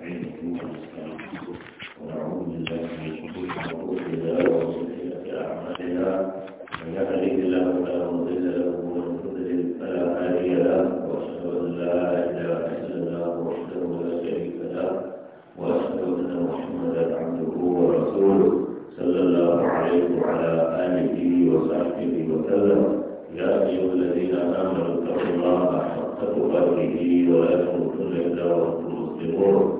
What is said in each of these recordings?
نستعينه ونستغفره ونعوذ بالله من شرور انفسنا وسيئات اعمالنا من يهده الله فلا مضل له ومن يضلل فلا هادي له واشهد ان لا اله الا الله وحده لا شريك له واشهد ان محمدا عبده ورسوله صلى الله عليه وعلى اله وصحبه وسلم يا ايها الذين امنوا اتقوا الله حق تقاته ولا تموتن الا وانتم مسلمون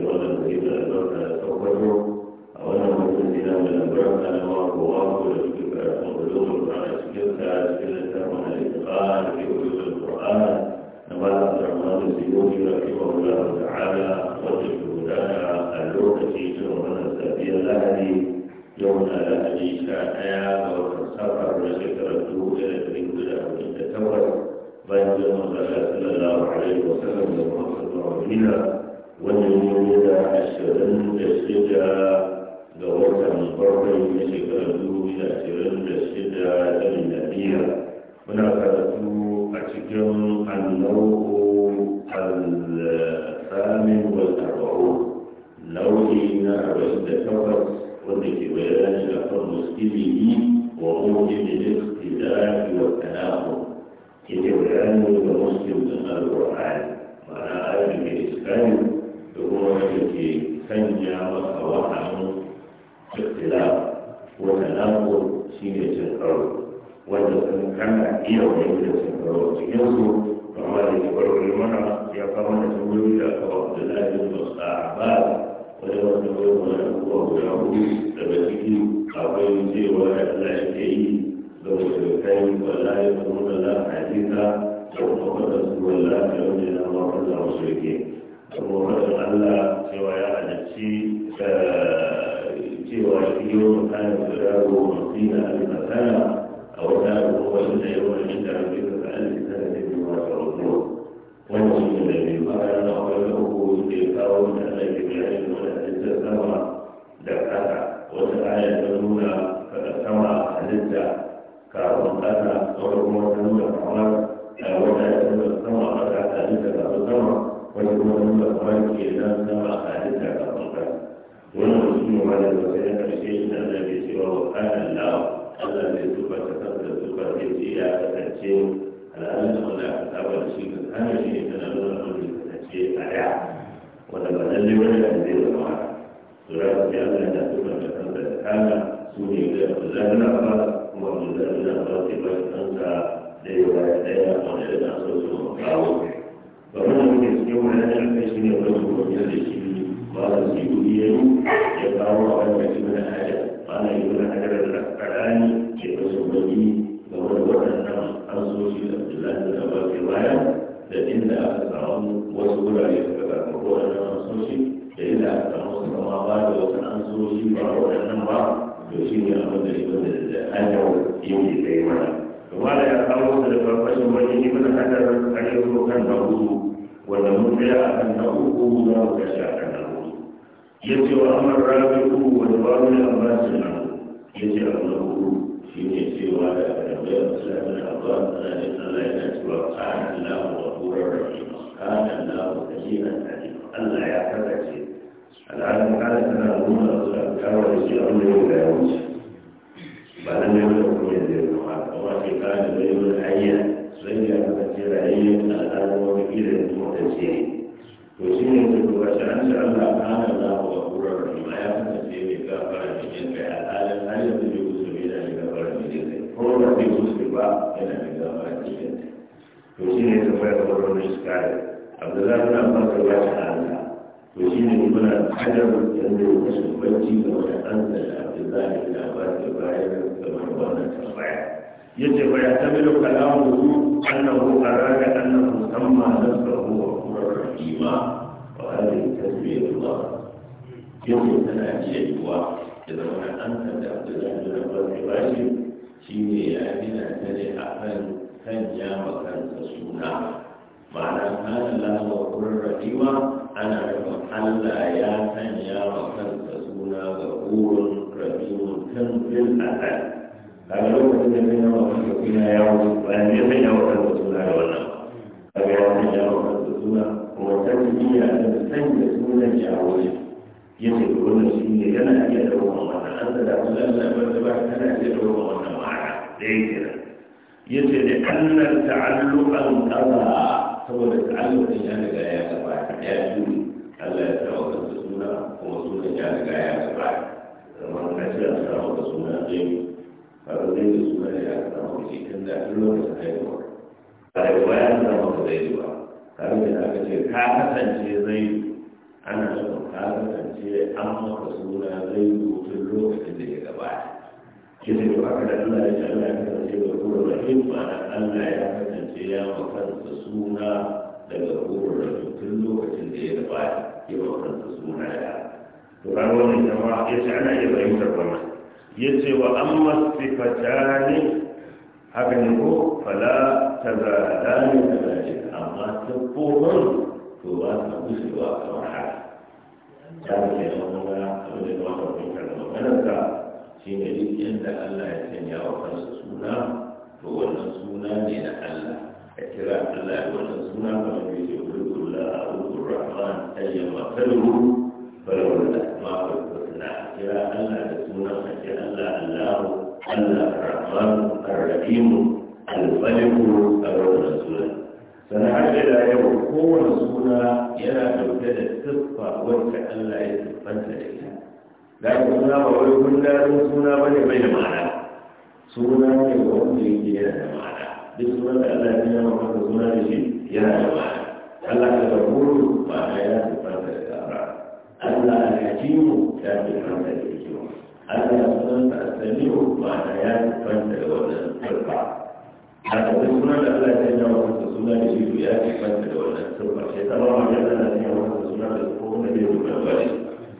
القيوم رحمه الله تعالى وجب لنا اللوكة يوم السبيل الأهلي يوم الأهلي شاء وسفر لشكرة إلى تريد له من تتوت بين صلى الله عليه وسلم يوم صلى الله واليوم إلى عشرين تشجع لغة من قرن من شكرة إلى عشرين تشجع للنبي muna karatu a cikin annau'u al-samin wal arba'u nau'i na arba'in da takwas wanda ke bayani a kan muskilihi wa mujibin ikhtilafi wa tanahu yake bayani ga muslim din al-qur'ani ma'ana ayyukan da iskani da kuma wanda ke sanya masa wahamin ikhtilaf wa tanahu shine cin karo wanda sun kana iya wani da sun kawo cikin su kamar da ke warware mana ya kama da sun wuri da aka wa Abdullahi bin Musa'aba wani wanda wani wani abubuwa guda hudu daga ciki akwai cewa da Allah ya ke yi da wasu kai wallahi da kuma da hadisa da kuma kada su wallahi da wani na mafan da wasu yake. Kuma kada Allah cewa ya halarci eh, cewa shi yau mutane guda goma sina a أو لا قال قوله لقوم الذي يعلم الحديث سمع دكاتا وتعالى تقول سمع حديث كارون كاتا وربما تنور الحمار وتعالى تقول سمع قطع حديث كارون سمع وربما تنور الحمار كيزان سمع حديث كارون كاتا ومن الذي قال قوله لقوم الذي يعلم الحديث سمع دكاتا وتعالى تقول سمع قطع حديث كارون كاتا وربما تنور Allah zai zuba ta kansa zuba ya ce ya kasance alhalin wanda aka saba da shi kan hana shi ne tana nuna wanda ya kasance a da wanda ba lalle wani da zai zama haka to da kuma ya Allah ya zuba ta kansa da kana su ne ga zahira ba kuma da zahira ba sai ba kansa da yawa ya daya wanda ya na so su kawo babban da muke cikin wani alƙa shi ne wani mutum da shi ba su yi ya kawo a wani mutum da ajiyar ba na yi wani hajjar da karani ke da shugabanni ga wani waɗannan hanzoshi da abdullahi da ba ke baya da inda aka samu wasu wurare suka an so shi da inda aka samu su kama ba da wasu shi ba waɗannan ba to shi ne abin da ibn da hanyar yau da ya yi mana kuma da ya kawo da farfashin wani ibn hajjar a yau kan na hudu wanda mun tsaya a kan na uku za mu kashe a kan na yace wa amar rabi'u wa dabaru da abbasin yace abu huru shi ne cewa da arabai a musulmi da abbas da ne allah yana cewa kana allah wa kurar rahim kana allah wa kajiran alim allah ya karkace al'adun kana tana nuna su a kawo da shi an yau da ya wuce ba na ne wanda kuma ya zai kuma amma ke kana da wani hanya sai ya kasance rayuwar al'adun wani irin mutane to shi ne da shi an shi Allah za ku ga kurar rahima ya kasance mai gafara da jin kai alhalin har yanzu bai musulmi da mai gafara da jin kai ko ba bai musulmi ba yana mai gafara da jin kai to shi ne ta fara kawar wani shikari abdullahi na fasa ya shi Allah to shi ne muna hajar yanzu kashin bacci ga wani an da abdullahi ba fasa bayan kamar wannan tambaya yace fa ya tabilu kalamu annahu arada annahu tamma nafsuhu ma ƙwararri ta zuwa ruwa yau yau tana jiya yiwuwa da zama an kanta da za a zuwa ba ta shi shi ne ya gina ta ne a kan sanya makaranta suna ma'ana kan lafa ƙwararri ma ana raba allah ya sanya makaranta suna ga ƙorin rabimun kan fil a kan a lokacin da ya nama kuma ya wuce bayan ya sanya makaranta suna da wannan a ga ya sanya makaranta suna وكان هي أن تكون جاوزة يجب أن نسيني لنا أن يدعو الله أنت لا تسأل وتبعت أنا أن يدعو الله معنا ليس يجب أن التعلق أنقذها سوى التعلق إن أنا يا سبحان يا جودي ألا يتوقف السنة ومسؤول إن أنا يا سبحان ومن نسي أسرع السنة غيري فالذي السنة يا سبحان وشيء كان لا يدعو الله فالرواية أنت ما تدعو kamar da aka ce ka kasance zai ana so ka kasance an maka suna zai tun lokacin da ya gabata shi ne ba ka da Allah ya ce Allah ya kasance ga kurar rahim ma'ana Allah ya kasance ya maka suna daga kurar rahim tun lokacin da ya gabata maka suna ya to jama'a ya ce ana iya fahimtar wannan ya ce wa an masifatani haka ne ko fala ta zaɗa ne ta zaɗa amma siffofin to ba su gushewa kamar haka ya ke nan kuma abin da ba ka da maganarka shi ne duk yadda Allah ya sanya wa kansa suna to wannan suna ne na Allah ya kira Allah ya wannan suna kamar da yake kulkulla a rukun rahman ayyan makaru balawar da mafi kusna a kira Allah da sunan a kira Allah Allah Allah rahman arrahimu alfaliku a wannan sunan sana'ar da da yau kowane suna yana dauke da siffa wacce Allah ya siffanta da ita da suna ba wai gundarin suna ba ne bai da ma'ana suna ne ba wanda yake yana da ma'ana duk sunan da Allah ya nuna maka suna da shi yana da ma'ana Allah ka da ba ma'ana ya siffanta da tsara Allah ya ji mu ya siffanta da ita Allah ya sunanta asali ma'ana ya siffanta da wannan siffa haka duk sunan da Allah ya sanya masa da suna da shi ya ce fanta da wannan sirfa sai ta ba ya Allah ya sanya masa suna da ko wanda bai rubuta ba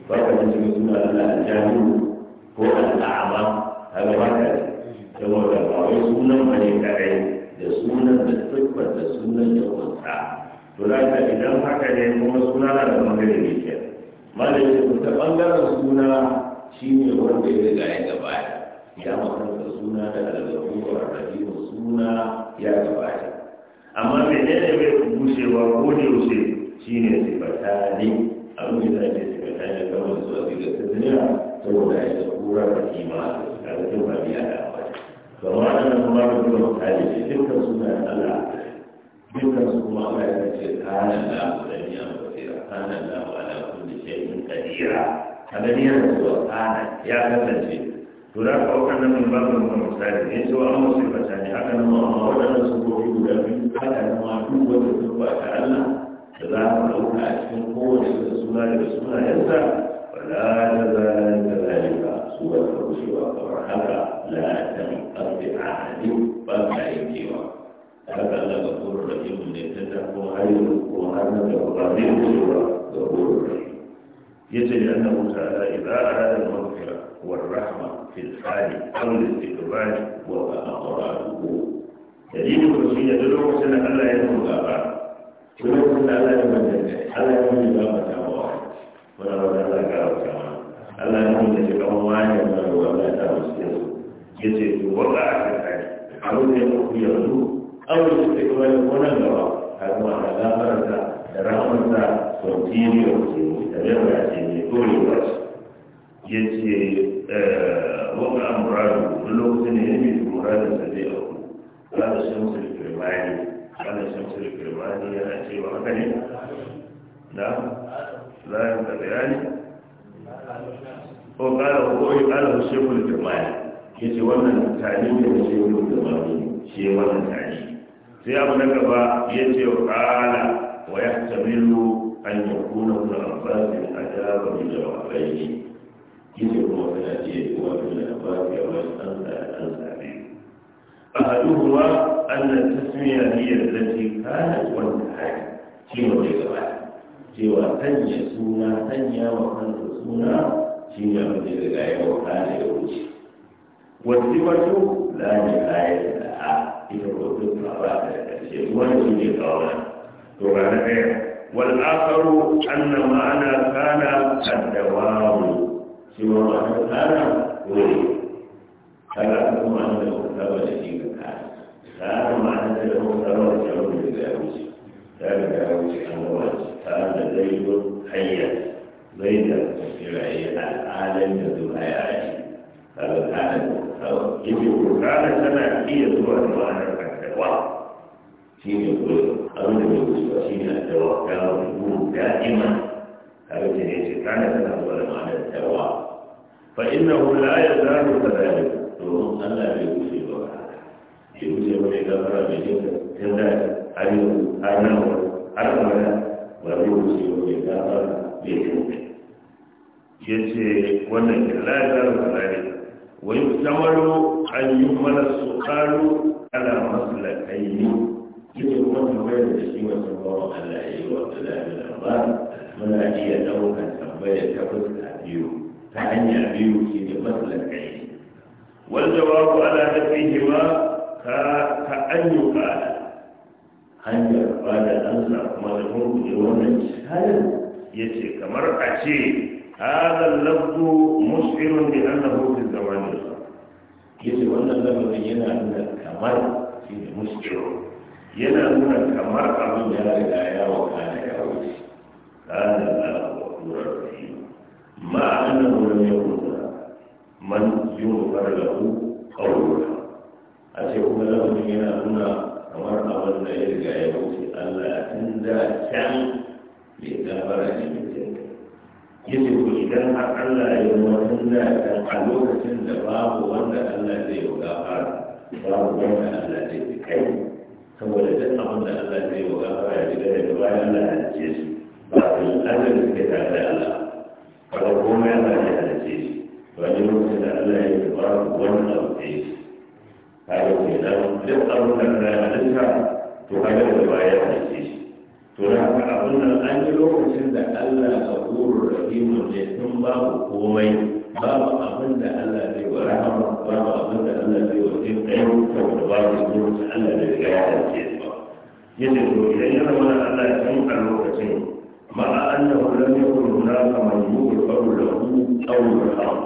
ba ka ji cikin suna Allah aljahu ko al'ama haka ba ka ji saboda ba wai sunan ba ne da sunan da sirfa da sunan da kunsa to za ka idan haka ne kuma suna da bangare ne ke malamin ta bangaren suna shine wanda ya riga ya gabata ya makaranta suna da albarku a rahimu suna ya gabata amma mai ne bai gushewa ko da yaushe shine sifata ne abin da ake sifata ne kamar su a cikin tattaliya saboda ya ta kura da kima da ta ba biya da amma kamar ana kuma da kuma misali ne dukkan suna Allah dukkan su kuma Allah ya ce kana da abudani a basira kana da ala kulli shay'in qadira kana ne yana zuwa kana ya kasance to da ka wakan nan ba mu ba misali ne so an musu misali haka nan amma wadannan su ko biyu da biyu haka nan ma duk wanda su ba ta Allah da za mu dauka a cikin kowace da suna da suna yansa wala da zalika zalika su ba ta rushewa kamar haka la ta mutabbi a hadi ba ta yankewa haka Allah ga kowace da ne ta ta ko hayo ko har da ba zai rushewa ga kowace يجري أنه تعالى إذا أراد المغفرة والرحمة في الحال أو الاستقبال وأمر الوقوف. يجري الوصية تدعو سنة ألا يكون غابا. تدعو سنة ألا يكون غابا. ألا يكون غابا كما واحد. ولا ألا يكون كما ألا يكون يجري كما واحد ولا هو لا تمسكه. يجري وقع في الحال. أو يكون في الوقوف أو الاستقبال ونغرى. هذا معنى لا فرد da rahamarsa continuous ce tafiya ce mai dorewa ce ya ce wanda an muradu wani lokacin da ya bi su muradun sa zai auku kada da da kirmani kada shamsu da kirmani yana cewa haka ne na zayen da bayani ko kala ko yi kala ko shekul kirmani ya ce wannan tani ne da shekul kirmani shi wannan tani sai abu na gaba ya ce wa kala ويحتمل أن يكون ابن عباس أجاب بجوابين كيف هو في الأجيب وابن عباس يوجد أنت أحدهما أن التسمية هي التي كانت وانتهت شيء وجدها سوى أن يسمى أن يوحن في شيء وجدها وكان يوجد والسوى لا نهاية لها إذا كنت أرادت أن يكون وانتهت سورة والآخر أن معنا كان الدوام سوى معنى كان ولي هذا هو معنى المختبر الذي كان كان معنى المختبر الجواب للجاوز كان الجاوز أمواج كان زيد حيا زيد الشرعية العالم ذو حياة هذا كان المختبر إذ كان سنة هي سوى معنى الدوام شيء يقول أرد يقول شيء التوكل يكون دائما هذا الشيء كان يتناول معنى التوكل فإنه لا يزال كذلك domin Allah bai wuce ba bai wuce ba mai gafara mai jinka tun da har yau har nan har abada ba zai wuce ba mai gafara mai jinka ya ce wannan kira ya zara kalari wani samaro an yi mana su kalu ala masu lakayi yake kuma tambayar da shi wa tambawa Allah ya yi wa Abdullahi bin Abbas muna iya ɗaukar tambayar ta fuska biyu ta hanya biyu shi ne matsalar kai wal jawabu ala nafihima ka ka an yi ƙara hanyar ba da ansa kuma da murkuje wannan shayin ya ce kamar a ce هذا اللفظ مشعر بأنه في الزمان الآخر. يجب أن اللفظ ينال كمال في مشعر yana nuna kamar abin ya riga ya wakana ya wuce kana da wakurar rahim ma annan wurin ya kuta man yi wukar lahu kawai a ce kuma lamarin yana nuna kamar abin da ya riga ya wuce allah tun da can mai gabara ne mai jinka yace ko idan har allah ya yi wani da a lokacin da babu wanda allah zai yi gafara babu wanda allah zai kai saboda duk abin da Allah zai wa gafara ya gida daga bayan Allah ya ce su ba su azan suke tare da Allah ba komai Allah ya halice su ba ne lokacin da Allah ya yi su wani abu da ya su kaga kenan duk abin da Allah ya halitta to kaga da bayan ya halice shi to da haka abin nan an yi lokacin da Allah a gurur rahimu ne sun babu komai باب أبن ألا لي ورحمة باب أبن ألا لي وزيب غير وباب يقول ألا لي غير الجيد يجب إليه ولا الله يسمع الوقتين مع أنه لم يكن هناك من يغفر له أو يرحم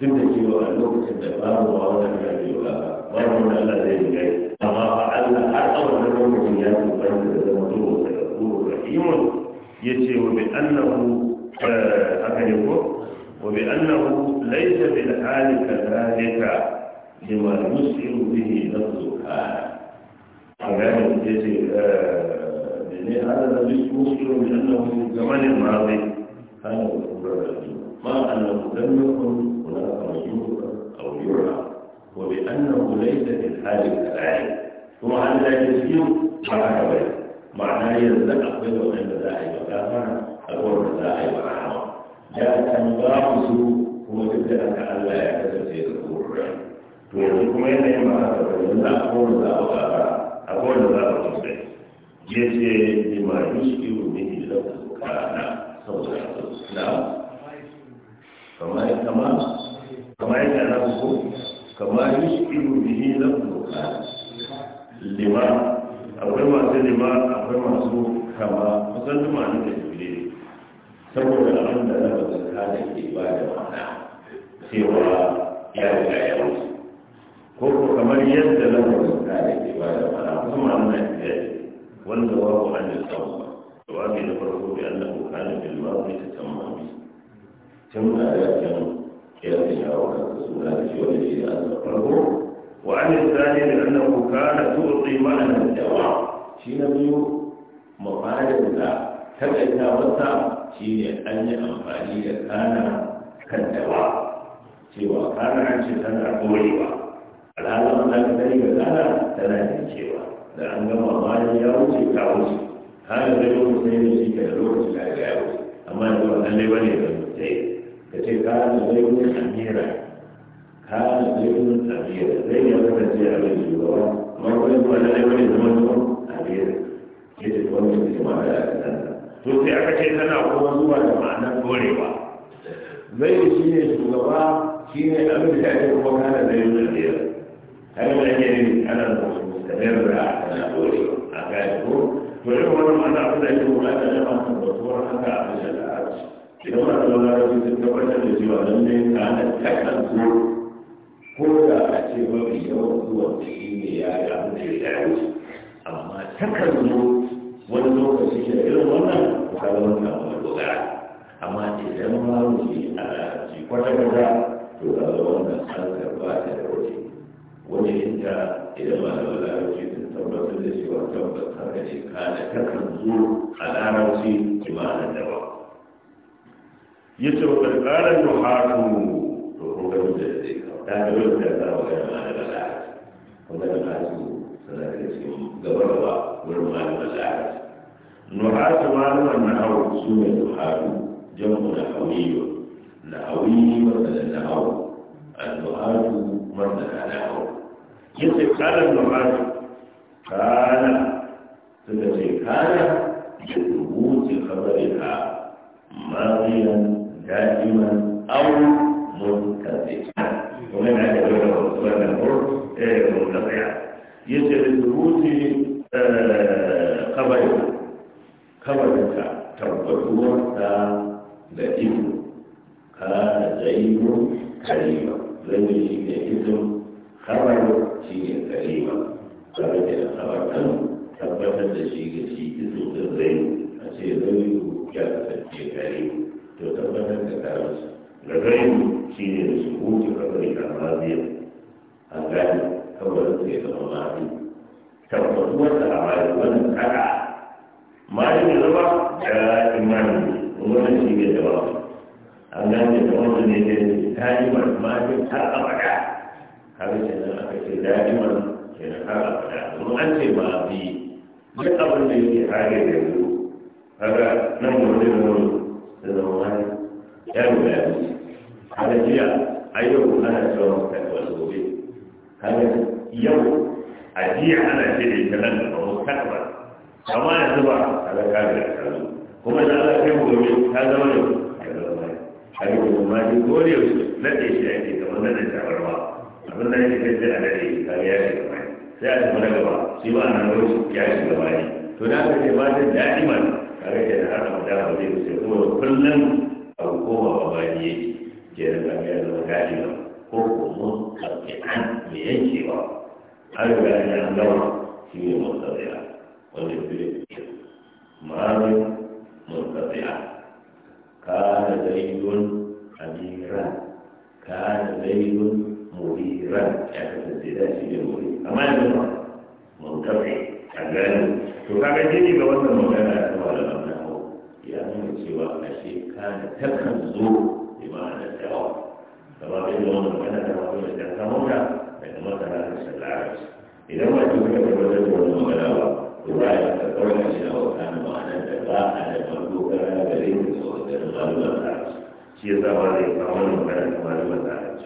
ثم يجب أن سوى الوقت الدفاع وهذا الذي يغفر ومن الذي يغفر فما فعل حتى ولم يكن يغفر له يقول رحيم يجب بأنه هكذا آه، يقول وبأنه ليس الحال كذلك لما يسلم به نفسه كلام آه، هذا هذا مسلم بأنه في الزمن الماضي كان ما أنه لم يكن هناك رسول أو يرى وبأنه ليس في الحال كذلك ثم هذا لا يسلم فلا كبير معناه يلزق بين وبين ذاهب وكافر أقول الداعي وعامل da an ba su kuma duk da haka Allah ya kasance da kurrai to yanzu kuma yana yin ba haka ba yanzu a kowane za a ƙara a kowane za a kusa ya ce ni ma yi shi ne ne da kana saboda na kamar kama kamar kama nan ko kamar yi shi ne da kana lima akwai masu lima akwai masu kama kusan duma ne saboda abin da zama zaka da ke ba da ma'ana cewa ya riga ya wuce ko ko kamar yadda zama zaka da ke ba da ma'ana kusa ma'ana na ya wanda wa ku an da tsawo jawabi na farko bi annahu kana bil ma'ruf tamamin tun da ya tsawo يرجع الرسول الجوهري الفرور وعن الثاني لأنه كان تعطي معنى الجواب شين بيو مقالة لا تبعتها وسع shine an yi amfani da kana kan dawa cewa an ce tana korewa alhalin da ka gani ga kana tana cewa. da an gama bayan ya wuce ta wuce kana da yau sai da shi ke da lokaci ga ya wuce amma yanzu ba lallai ba ne da mutai ka ce kana da zai ne amira kana da yau ne amira zai ya kasance a bai shugaba amma kuma ba lallai ba ne zama a amira ke ce kuma ne ke ma da ya to sai aka ce tana kuma zuwa da ma'anar dorewa zai shi ne shugaba shi ne abin da ake kuma kana da yin zarfiyar kada da ake yin ana da musamman da ana dorewa a gaya ko to yi wani ma'ana abin da ake kuma ana da masu batuwar haka a fashin da arci idan wani zuwa da su sun tabbatar da ba don ne ka ana takan zo ko da a ce mafi yawan zuwa ciki ne ya yi abin da ya yi amma takan zo wani lokaci da irin wannan ka ga wannan wani dogara amma idan ma muke a ci kwata-kwata to ka ga wannan harkar ba ta da waje wani inda idan ma da larabci sun tabbatar da cewa tabbas haka ce kana takan zo a larabci kimanin da ba ya ce wa ƙarƙarar yohanu to ko ga da zai kawo ta ga da za a ga ma da larabci kuma da larabci suna da cikin gabarwa wurin malaman larabci nuhatu malaman nahawu su ne nuhatu jamu na hawiyo na hawiyi masana na hawu annuhatu masana na hawu yace kalan nuhatu kana suka ce kana da rubutu kabarika maziyan da'iman au muntazik yace da an riga ya gama shi ne mutsatsiya wanda ya fi ma'amin mutsatsiya ka da zaidun amiran ka da zaidun muriran ya kasance da shi ne muri amma yanzu ma mutsatsiya a gani to kaga jini ga wannan magana ta malaman na hau ya nuna cewa a shekara kan zo da ma'anar dawa kamar yadda wannan magana ta mafi da ta samu وتعالى العرش إذا ما تفكر الرجل والمغلاوة رواية تقول إلى وكان معنى تقاء على مردوك على بريد صوت الغلوة العرش شيء ثواني ثواني وكان ثواني العرش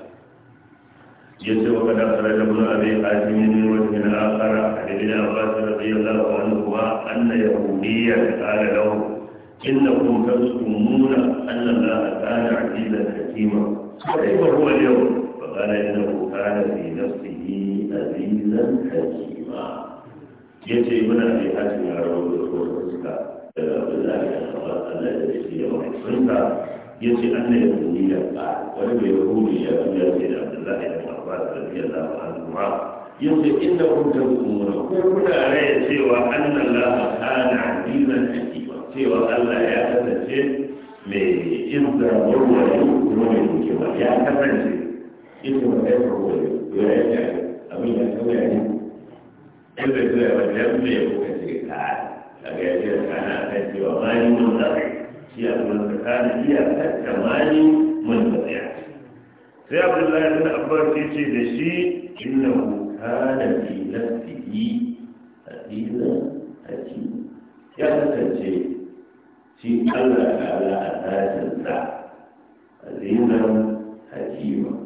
يسوع وقد أخرج ابن أبي حاتم من وجه آخر عن ابن عباس رضي الله عنهما أن يهوديا قال له إنكم تزعمون أن الله كان عزيزا حكيما فكيف هو اليوم وقال إنه كان في نفسه عزيزا حكيما يجي من في حجم عروض الفرصة بالله الله الذي يوحصنك يجي أن يهودي يقع ولم يهودي يأتي عبد الله بن عباس رضي الله عنهما يجي إنهم تذكرون كنا عليه سوى أن الله كان عزيزا حكيما سوى الله يا kasance mai inda warware kuma mai hikima ya kasance ilimin wata kawai ya yi jari abin ya sauya ne yadda zuwa wata ya zuwa ya kuka ce ka a ga yadda ya kana kan cewa mani mun zafi shi a kuma tsakanin iya kacce mani mun zafi sai abdullahi bin abbas ya ce da shi innahu kana fi nafsihi hadisan hakim ya kasance shi Allah ta'ala a tashin sa azizan hakima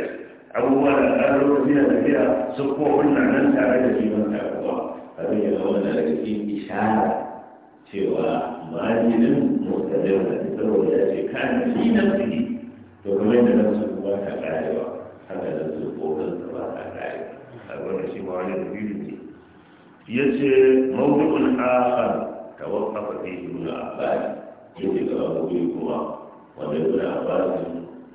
abubuwa da ƙarar lokaci da tafiya su ko na nan tare da shi ban takuwa abin ya zama da cikin ishara cewa majinin mutadar da saboda ya ce kan shi na ciki to kamar yadda nan su ba ta ƙarewa haka nan su ƙoƙon su ba ta ƙarewa a wannan shi ma wani dalili ne ya ce mawdu'un akhar tawaqqafa fihi ibn abbas yake ga abubuwa kuma wanda ibn abbas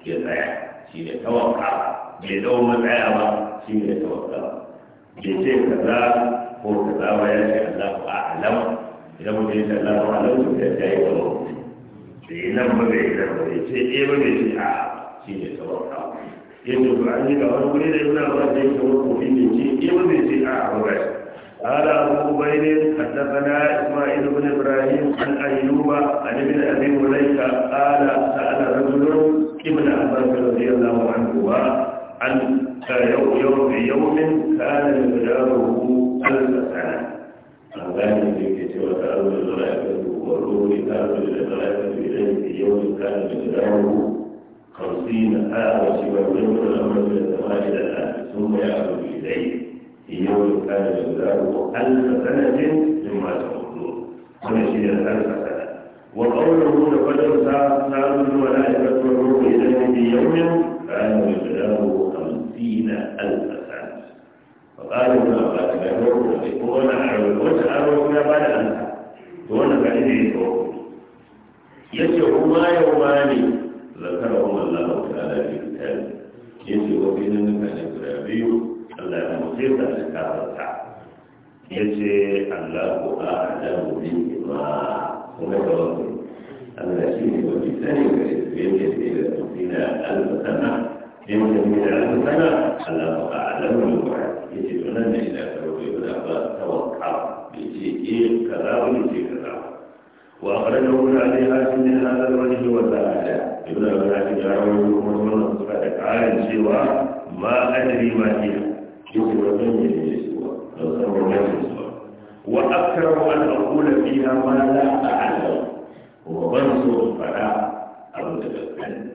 ya tsaya shi ne tawaqqafa bai dau matsaya ba shi ne tawakkala bai ce kaza ko kaza ba ya ce Allahu a'lam idan mutum ya ce Allahu a'lam to ya yi wani bai yi nan ba bai yi nan ba bai ce eh ba bai ce a shi ne tawakkala yadda ku an yi ga wani wuri da yana ba da yake ko ko ne ce eh ba bai ce a ba ba shi قال أبو عبيد حدثنا إسماعيل بن إبراهيم عن أيوب عن ابن أبي مليكة قال سأل رجل ابن عباس رضي الله عنه عن يوم يوم كان مقداره ألف سنة أغاني في كتير وتأول الملائكة والروح تأول الملائكة إليه في يوم كان مقداره خمسين آه سوى يوم الأمر من إلى الآن ثم يأخذ إليه في يوم كان مقداره ألف سنة مما تقولون شيء ألف سنة وقوله لقد أرسلنا الملائكة والروح إليه في يوم كان مقداره ألف الفساد فقالوا ما بعد بيروت يقولون أعود وتعالوا ما دون بعيد يقول ما يومان ذكرهما الله تعالى في كتابه يسعه بين المكان الكرابي الله يمسيط على كافة yace Allahu أعلم bima kuma da wannan Allah shi ne wani sani ga yake da tsina al in da mu da an sana Allah ta alamu wa yace to nan ne da ka roƙi da ba tawakkal yace eh kaza wani ce kaza wa akhrajahu Ali Hasim min hadha al-wajh wa zada ibn al-Hakim ya rawi kuma wannan suka da ƙarin cewa ma adri ma hiya yace wannan ne ne suwa da sauran suwa wa akrahu an aqula fiha ma la a'lamu wa bansu fara abu da gaskiya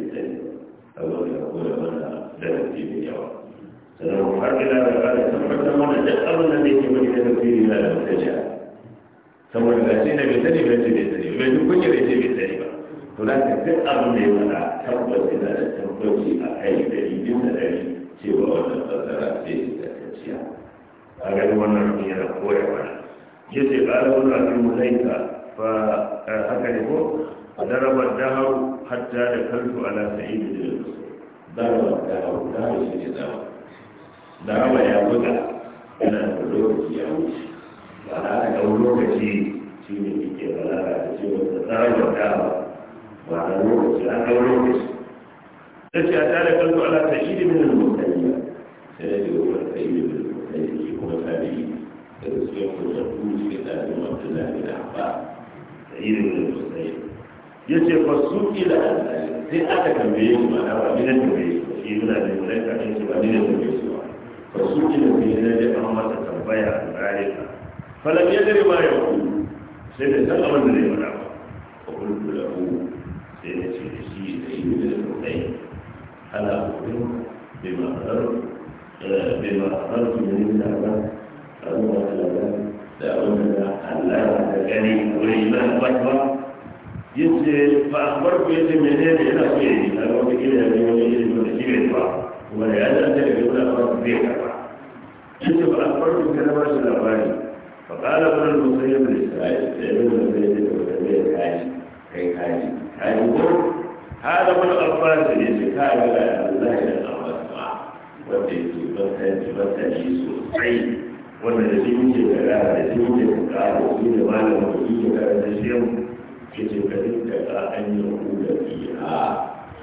saboda ya koya mana darasi mai yawa sannan mu har ila da ƙara mana duk abin da zai ke mani da tafsiri na da mutaja saboda ga shi na bai sani bai ce bai sani bai duk kunya bai ce bai sani ba to da ka da ya faɗa tabbas yana da tabbaci a kai dari bisa dari cewa wannan fassara ce ta kaciya a ganin wannan abin yana koya mana yace ƙara wani abin mulaika fa eh, haka ne ko ضرب الدهر حتى دخلت على سعيد بن ضرب الدهر دهر شيء الدهر ضرب يا بدا انا لوكي يا وشي وانا لو لوكي شيء من كده ولا شيء ضرب الدهر وانا لوكي انا لوكي التي أتى دخلت على سعيد بن المسلم سيدي هو سعيد بن المسلم هو تابعي فسيقول يقول في تعليم عبد سعيد بن المسلم ya ce ba su ila sai aka tambaye su mana ba ni na tambaye su shi yana da mulaka ne su ba ni na tambaye su ba ba su ila sai na da an masa tambaya a rayuwa falan ya dare ma ya ku sai da san abin da zai mana ba ko kullu da ku sai da ce shi da yi da kai ala ku bai ma bai ma arzu ne da ba Allah da Allah da Allah da gani wani ba ba yace a akbar ku yace menene yana so yayi a wani gida ya yi wani irin wanda shi bai ba kuma da ya dan ta ga wani abu zai karba yace fa akbar ku kana ba shi labari fa qala ibn al-musayyib al-isra'il ibn al-musayyib al-isra'il kai kai kai kai ko hada ibn abbas yace kai ga Allah ya abbas ba wanda yake ban kai ban kai sosai wanda da shi muke da da shi muke da ƙara shi da malamin da shi ke karanta shi ke ce ka rinka ka an yi huda fiha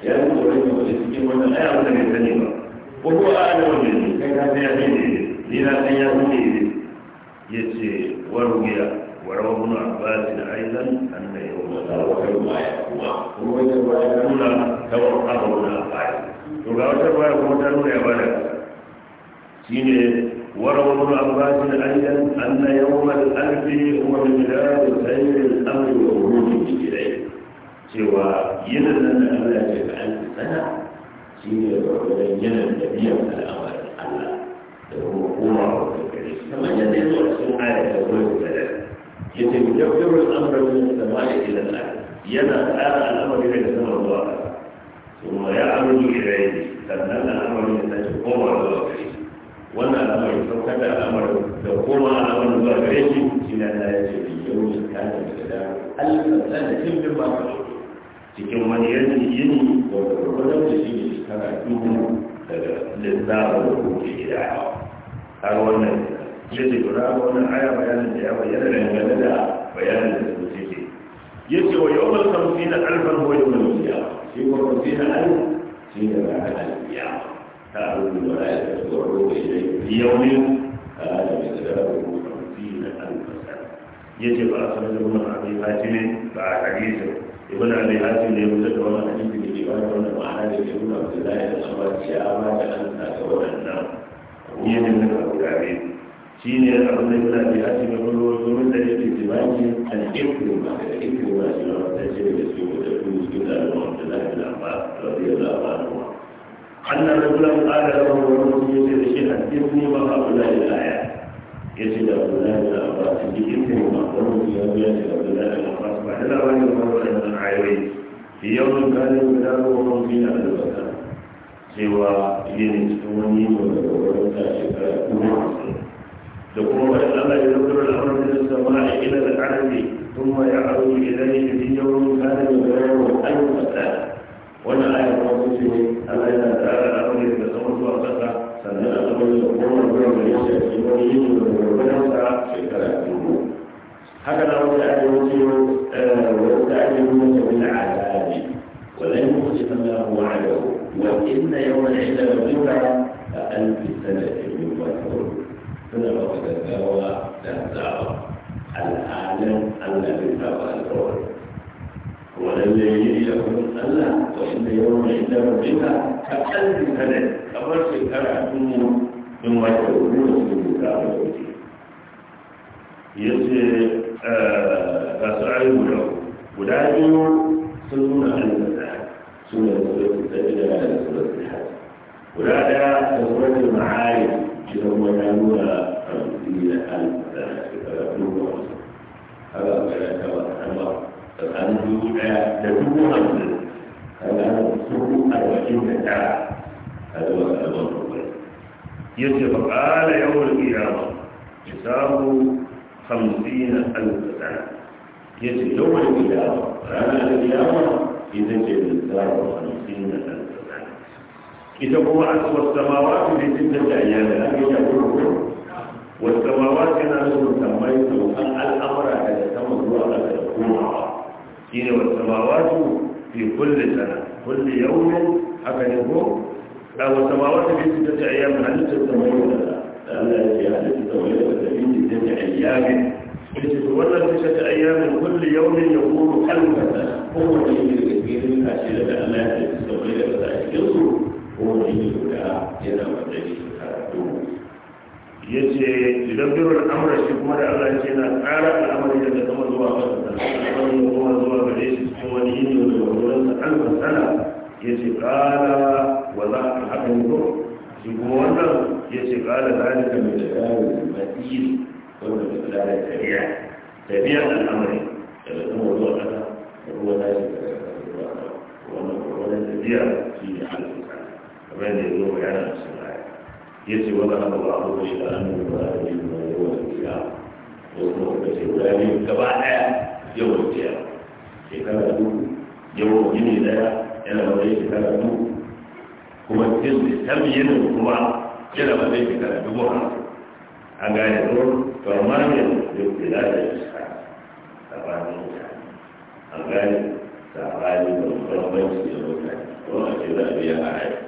ya yi tsoron yau da cikin wannan ai abin da sani ba ko ko a ana wanda ne kai na san ya fi ne ni na san ya fi ne ya ce warugiya warawa mun abbas da aizan annan yau da wa kai ma ya kuma kuma wajen ba ya tawar abu na abbas to ga wata baya kuma ta nuna ya bada shine وروى ابن عباس ايضا ان يوم الالف هو ميلاد خير الامر ووروده اليه سوى يدنا ان الله يجعل سنه سنه ينن جميع الامر الله وهو قوة كما يدل على سمعة تقول يتم يتجبر الامر من السماء الى الارض ينا هذا الامر الى السماء الله ثم يعرج اليه فنن الامر من السماء الله wannan al'amari saukar da al'amari da koma al'amari zuwa gare shi shi na ya ce yau ne ka da da alƙasar da cikin ba ka cikin wani yanzu yini da gwargwadon da shi ne shekara dubu daga lissafin da kuke gida har wannan ya ce lura ga wannan aya bayanin da ya bayyana dangane da bayanin da su ce ya ce wa yau da na alfan ko yau shi ko kamsi na alfan shi ne ranar alfiyama تعرض ولا يدعو إليه في يوم كان مقداره خمسين ألف سنة يجب أخرجه من أبي حاتم بعد حديثه ابن أبي حاتم يوجد ولا حديث بالإيمان ولا معنى يقول عبد الله بن عمر يا ما جعلنا سوى النار يجب لك أبو العبيد شين يا عبد الله بن أبي حاتم يقول ومن الذي في زمانه الإبن ما الإبن ما سوى التجربة أنه له قال له ورد يسير حدثني ما هؤلاء الآية يسير هؤلاء الأبراس بإذن مقرون يسير هؤلاء الأبراس بعد ذلك رأي مرة من العيوين في يوم كان المدار وهم فيها البكر سوى ينسوني ولو تاشفاء تقوم الأمر يذكر الأمر من السماء إلى العالم ثم يعرض إليه في يوم كان المدار أيضا wannan ayar kuma sun ce ne Allah yana da al'amari da sama zuwa ƙasa sannan al'amari da kowane wurin da ya shafi wani yin da gwargwadon sa shekara dubu haka na wani ake wuce wanda ake nuna ta bin al'adari wala yi kuma cikin da wa alau wa inna yawan inda da zuwa da alfi sanadin yin wato suna ba ka gaggawa da zawa al'adun Allah bai saba alƙawari ولن يجدكم ألا وإن يوم عند ربك كألف سنة كبر شكرا الدنيا مما يقولون في الكتاب الوجيه يجي فسألوا له guda biyu sun nuna hannun da su ne suratun tajira da suratun hajji guda daya da suratun ma'ari shi da kuma ya nuna ramfi da hannun da shekarar dubu wasu haka ga ya taba hannun an dubu ɗaya da dubu hamsin kaga an dubu arba'in da tara kaga ba ka zama kuɗi ya ce ba ƙala yawon kiyama ya samu hamsin na alfa sana ya ce yawon kiyama ranar kiyama ita ce da samu hamsin na alfa sana ita kuma asuwar samawa ne cikin da ayyana da ake yakuwa والسماوات نازل سميت وكان الامر على السماء وعلى الكون shine wa samawatu fi kulli sana kulli yawmin haka ne ko da wa samawatu ta sittati ayyamin halitta samawatu da Allah ya ce halitta samawatu da fi sittati ayyamin يتتولى ce, أيام كل يوم يقول ta هو الدين الكبير الأسئلة ko تستغل وتأكله هو yana الكبير إلى ta الدول ya ce idan da amurka shi kuma da allah ce na ƙara al'amari daga kama zuwa ƙasa da kuma zuwa gare shi cikin wani yin yini da wurin sa an sana ya ce ƙara wa za a haɗin ko shi kuma wannan ya ce ƙara zalika mai da ƙara matsir wanda ta kula da tafiya tafiya al'amari da daga sama zuwa ƙasa da kuma tashi daga ƙasa zuwa ƙasa wannan tafiya shi ne al'amari kamar da ya zo bayanin يسي وضع بعضهم إلى أنه يؤدي ما يوم القيامة وهو يؤدي كبعها يوم القيامة شكرا له يوم جني لا إلى ما ليس كلا له kuma cikin samyin kuma kira ba zai fita da dubu hamsin an gane ko to amma ne da kula da iska tsakanin mutane an gane tsakanin da bambanci da mutane ko a ce za a biya a aiki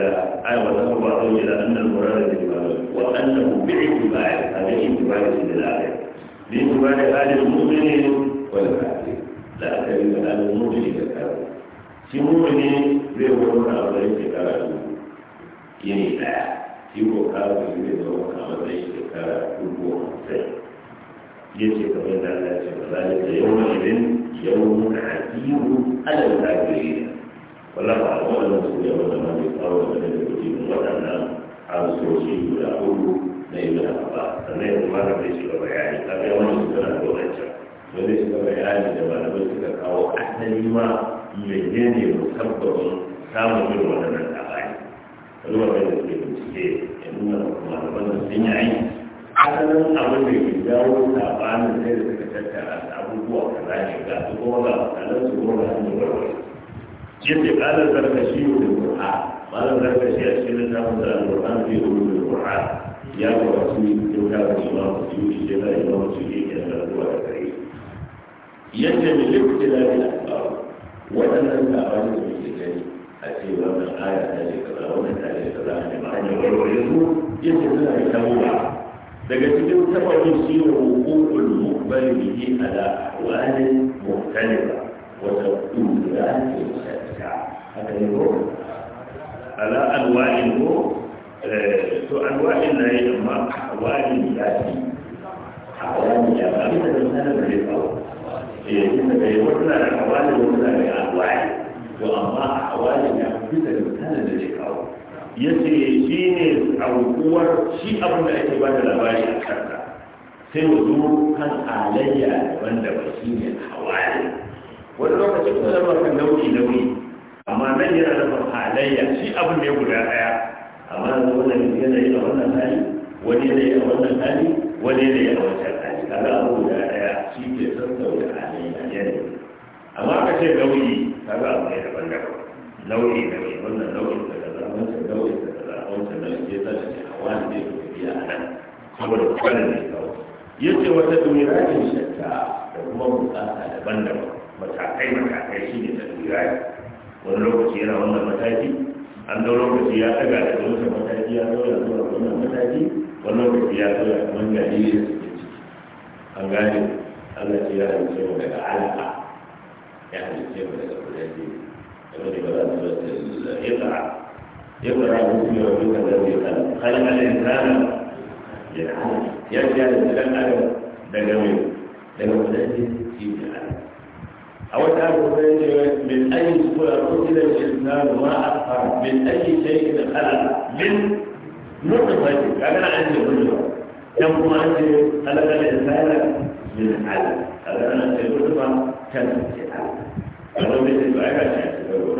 أي وذكر بعضهم إلى أن المراد بالإمامة وأنه باعتبار هذا اعتبار للآية باعتبار آل المؤمن والكافر لا كريم آل المؤمن كالكافر shi mummuni zai wani a matsayin shekara dubu yini daya shi ko kawo zai zama a matsayin shekara dubu hamsin ya ce kamar da Allah ce ba da yau mai din yau wala ba a wannan su ne wanda zama bai kawo da ne da cikin waɗannan hasoshi guda hudu na yi da ba sannan yanzu ma da zai shiga bayani ta kai wani su tana da wancan wani shiga bayani da malamai suka kawo asali ma menene musabbabin samun irin waɗannan labari wani wanda da suke bincike ya nuna malaman da sun yi aiki asalin abin da ke jawo labarin sai da suka tattara abubuwa kaza ne ga su kuma ga mutanen su kuma ga su ne yace qala zarkashi da qur'an malam zarkashi a cikin littafin da al-qur'an fi da qur'an ya rawaci dauka da imam suyuti da imam suyuti ke da zuwa da kare yace bi liktila bil asbab wadannan labarin da ke gani a ce wannan aya ta ce kaza wannan ta ce kaza ne ba ne warware su yace suna da tawwa daga cikin sababin shi ne hukukul muqbal yi ala ahwalin mukhtalifa wa taqulu la ilaha haka ne ko ala alwa'in ko to alwa'in na yi amma alwa'in ya ce alwa'in ya ba ita da sanar da ya kawo eh ita da ya wata da alwa'in wata da alwa'in to amma alwa'in ya fi da sanar da ya kawo ya ce shi ne aukuwar shi abin da ake ba da labari a kansa sai mu zo kan alayya daban-daban shi ne hawali wani lokacin kuma zama kan nauyi nauyi amma nan yana da halayya shi abin da ya guda daya amma da wannan yanayi a wannan hali wani yanayi a wannan hali wani yanayi a wancan hali kaga abu guda daya shi ke sassauta halayya yanayi amma aka ce nauyi kaga abu ne daban-daban nauyi nauyi wannan nauyin da kaza wancan nauyin da kaza wancan nauyin ya sa shi wani ne da tafiya a nan saboda kwanan ne kawai yace wata dumirakin shakka da kuma bukata daban-daban matakai matakai shi ne ta dumirakin wani lokaci yana wannan mataki an da lokaci ya daga da wancan mataki ya zuwa wannan mataki wani lokaci ya kamar gari da suke ciki an gane Allah ce ya halice mu daga alaka ya halice mu daga kudaje da ba za su da ya ya duka da zai ya ya daga mai daga kudaje shi ne أو تعرف من أي سورة قتل الإنسان ما أكثر من أي شيء خلق من نقطة يعني أنا عندي هجرة كم هو عندي خلق الإنسان من علم هذا أنا في النطفة كان في علم أنا مثل بعيرة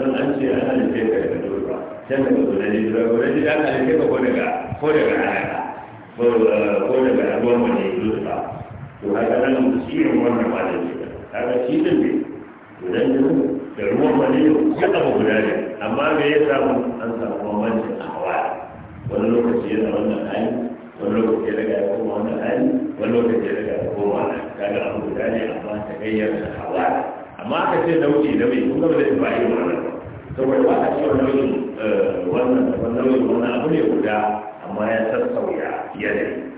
أنا أمشي أنا لكيف النطفة كم هو الذي ولدي أنا لكيف خلق خلق على خلق على وهذا أنا مسير وأنا ما هذا شيء zanjin da ruwan maniyo ya abu guda ne amma me ya samu an samu bambancin a hawa wani lokaci yana wannan hali wani lokaci ya daga ya koma wannan hali wani lokaci ya daga ya koma wannan kaga abu guda ne amma ta gayyar da hawa amma aka ce nau'i da mai kun gaba da ibrahim wannan saboda ba a cewa nau'in eh, wannan nau'in wannan abu ne guda amma ya sassauya yanayi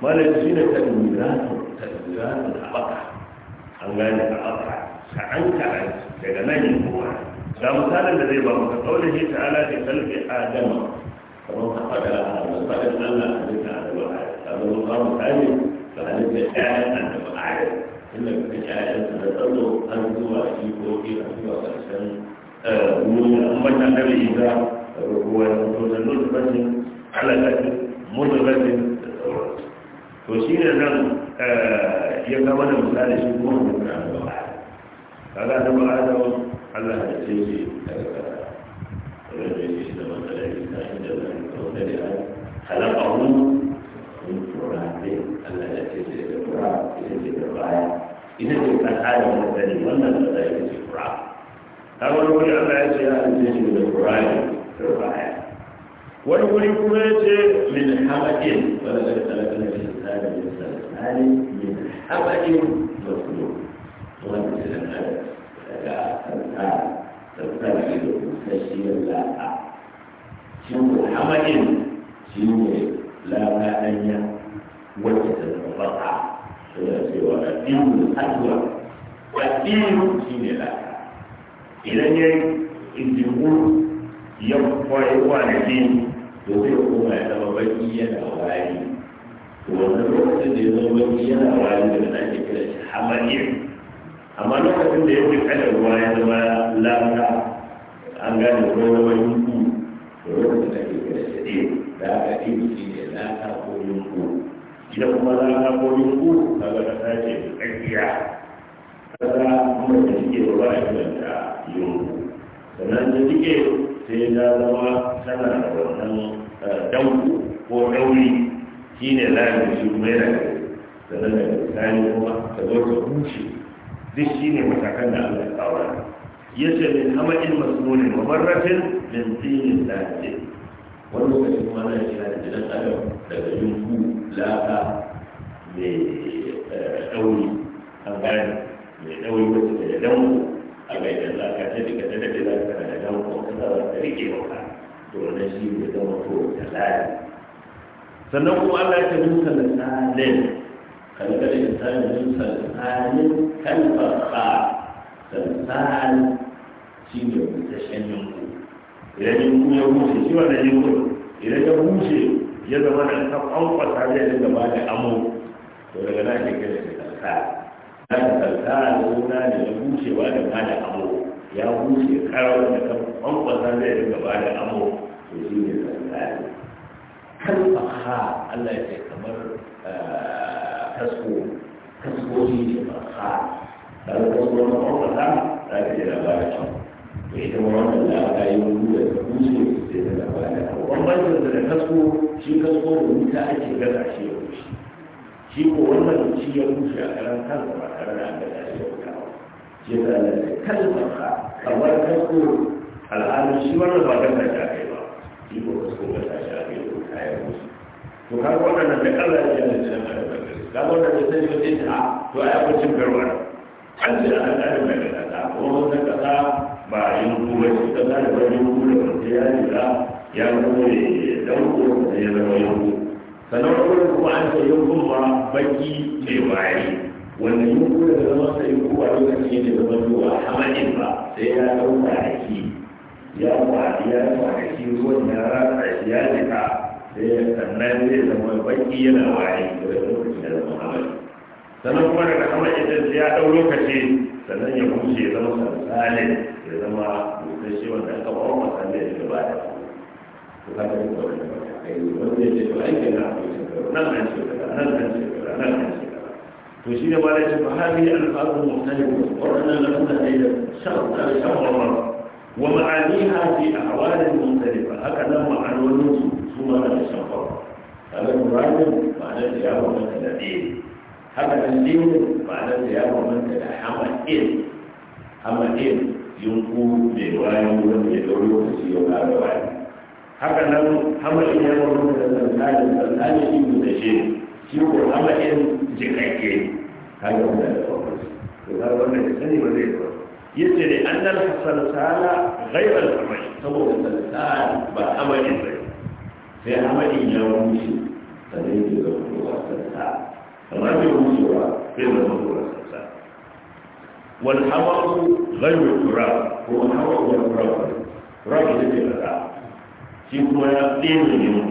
malam shi ne tadmiratun tadmiratun abaka أمانك أطع فعنك عنك لجمال هو لا مثال الذي يبقى قوله تعالى في خلق آدم فمتقد لها مصدر أن لا أحدث آدم وآدم أما مقام ثاني فأنت جاء أنت وآدم إنك جاء أنت تظل أنت وأشيك وكي أنت وأشيك من أمتنا النبي إذا هو متنظمة على ذلك مدرسة to shi ne nan ya zama da misali shi kuma mutum na gaba kaga na ba adam Allah ya ce shi daga kasa wanda ya shi da matsala ya ta shi da zai kauta da halakahu min turabe Allah ya ce shi daga fura ita ce da baya ita ce kasa da matsala wannan da zai ce fura ta wani wuri Allah ya ce ya ce shi daga fura da baya wani wuri kuma ya ce min hamakin wani da talakar da shi tsari da tsari min hamakin da kuma wani da tsari daga tsari da tsari da kusashiyar la'a shi ko hamakin shi ne la'a wacce ta zama baka suna cewa na ɗinu da tsariwa ba ɗinu shi ne la'a idan ya yi yau kwaye kwanaki to zai koma ya zama baki yana wari to wannan lokacin da ya zama baki yana wari daga nan ke kira shi hamariyar amma lokacin da ya fi kada ruwa ya zama lafta an gane ko na wani ku to lokacin da ke kira shi ɗaya da aka ɗaya shi ne lafta ko yunku idan kuma lafta ko yunku ta ga ta sace tsakiya kasa kuma da take ruwa ya zama ta yunku sannan da take sai ta zama tana da wannan eh, danko ko rauni shi ne layin shi mai da sannan da misali kuma da zo ta huce duk shi ne matakan da Allah ya kawo ya ce min hamadin masnuni mabarratin min tinin lafiya wani lokacin kuma na shi da jinan adam daga yunku laka mai eh, ɗauri an gane mai ɗauri wacce da danko a mai za ka tafi ka tafi za ka da dan ko ka za ka rike wa ka to wannan shi ne zama to ta lari sannan kuma Allah ya dusa da tsalin kan da insani dusa da tsalin kan farka tsalin shi ne mutashen yanku idan yanku ya wuce shi wannan yanku idan ya wuce ya zama da ta kwankwasa zai dinga ba da amo to daga nan ake kira shi tsalin ta karkara gona da ya bushewa da ba da amo ya bushe karar da kan kwankwasa zai rinka ba da amo to shi ne karkara kalfaha Allah ya ce kamar kasko kasko shi ne farha karar kasko na kwankwasa za ka ji labarin can to ita ma wannan da aka yi wani da ta bushe sai ta labarin amo bambancin da kasko shi kasko da wuta ake gasa shi ya bushe shi ko wannan shi ya rushe a karan kansa ba tare da an da ya shi ba shi da Allah ya kalma ka kamar ka ko al'adu shi wannan ba ganta ta kai ba shi ko su ba ta shi a kai ko kayan musu to ka ga wannan da Allah ya yi da shi da ga wannan da sai mutum ta to ai yawan cin garwa an ce an da da da ta ko ka ta ba yin kuma shi da da ba yin kuma da ya yi da ya ne da dauko da ya zama yin kuma sannan kuma kuma an ce yin ma baki mai wari wanda yin kuma da zama sai kuma lokaci ne da zama zuwa hamadin ba sai ya ɗau kwanaki ya kwari ya kwanaki ruwan ya rasa shi ya jika sai sannan zai zama baki yana wari da lokaci da zama hamadin sannan kuma daga hamadin sai ya ɗau lokaci sannan ya huce ya zama sansalin ya zama lokacin wanda aka ba wa masallin da ba da ku kada ku ba da wanda ya ce to aikin na akwai فهذه الفاظ مختلفة وقرأنا لهن إلى شرط شهر ومعانيها في أحوال مختلفة هكذا معانون ثم نتشفر هذا مراد معنى الزيارة من تلاتين هذا الزين معنى الزيارة من تلاتين حمدين ينقو بوايو ويدوريو في سيوم هذا واحد haka nan hamashin ya mamu da tsanani tsanani ibu da shi shi ko hamashin jikakke kaga wanda da kwakwasi to kaga wanda da sani ba zai zuwa yace ne an dal hasalsala ghairal hamash saboda salsala ba hamashin ba sai hamashin ya wuce sannan yake zama kowa salsala kamar bai wucewa sai zama kowa salsala wal hamasu ghairu turab ko hawa wa turab turab ne ke fada shi kuma ya ɗaya ne mu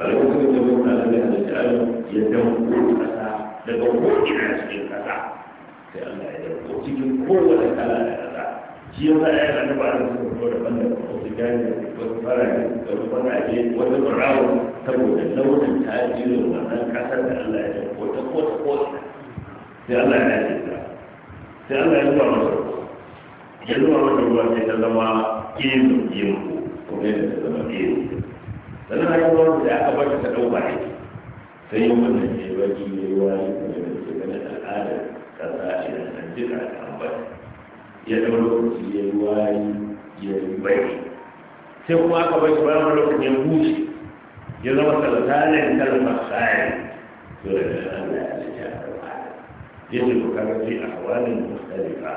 a lokacin da mun kana da alƙalin ya ko kasa, daga ko'ina cikin kasa, sai Allah ya ko cikin kowane kala da kasa, shi ya sa ya yi ɗan ba da su fito da banda wasu gani wasu farare wasu farare wasu barawo saboda launin tasirin wannan kasar da Allah ya danko ta ko ta ko sai Allah ya yi ta sai Allah ya zuwa masa ruwa ya zuwa masa ruwa sai ta zama ƙin ƙin kuma da zama biyu sannan rayuwar da aka bar ta ɗau ba sai yi wannan ne baki ne wani kuma da ke gane al'adar ƙasa ce da san jira da ambata ya ɗau lokaci ya yi wani ya yi bai sai kuma aka bar shi bayan wani lokaci ya huce ya zama salatanin kalmar sa'ayi to da Allah ya ce ya karɓa yadda ku kaga fi ahwalin mustarifa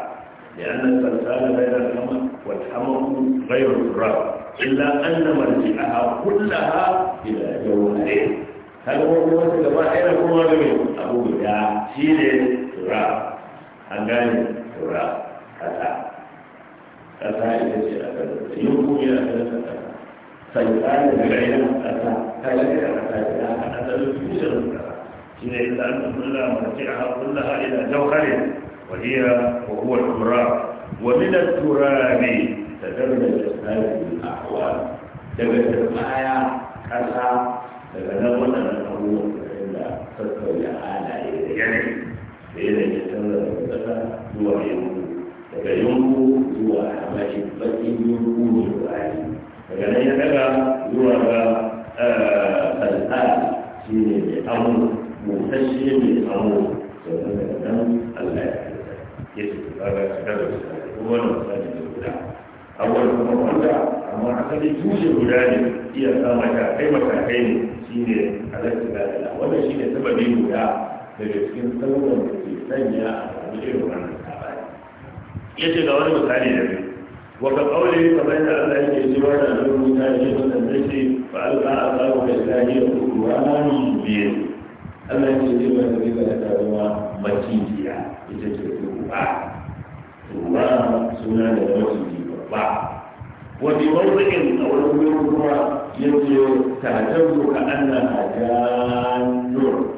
لأن السلسال غير الحمل والحمل غير التراب إلا أن مرجعها كلها إلى جوهره هذا هو موت كما أين هو من أبو بدا شيل تراب أنغاني تراب كذا كذا إذا شيء أكذا يمكن إلى أكذا فيقال أتا أتى هل أتى أتا الفجر إن إلا أن كل مرجعها كلها إلى جوهره وهي وهو التراب ومن التراب تدرج sa'ilin ahwal daga turbaya ƙasa daga nan waɗannan abubuwan da inda sassauya halaye da yanayi da yanayi canza daga ƙasa zuwa yanku daga yanku zuwa hamashi bakin yanku ne ra'ayi daga nan ya daga zuwa ga eh, sal'ad shi ne mai amu ne mai amu sannan daga nan allah ya ya ce ba ga shigar da shi kuma wani misali awal kuma wanda amma asali tushe guda ne iya sa matakai kai ne shine halatta da Allah wanda shine sababi guda daga cikin sabon da ke sanya a samu irin wannan sabani ce ga wani misali da ne wa ka kauli kamar da Allah yake cewa da zuwa ta ce wannan dace fa alqa Allahu bi zahiri qur'ani bi Allah yake cewa da zai ga tawa macijiya ita ce ruwa ruwa suna da macijiya ba wani mawuyin a wani wurin kuma ya ce tajen ka an na hajjanur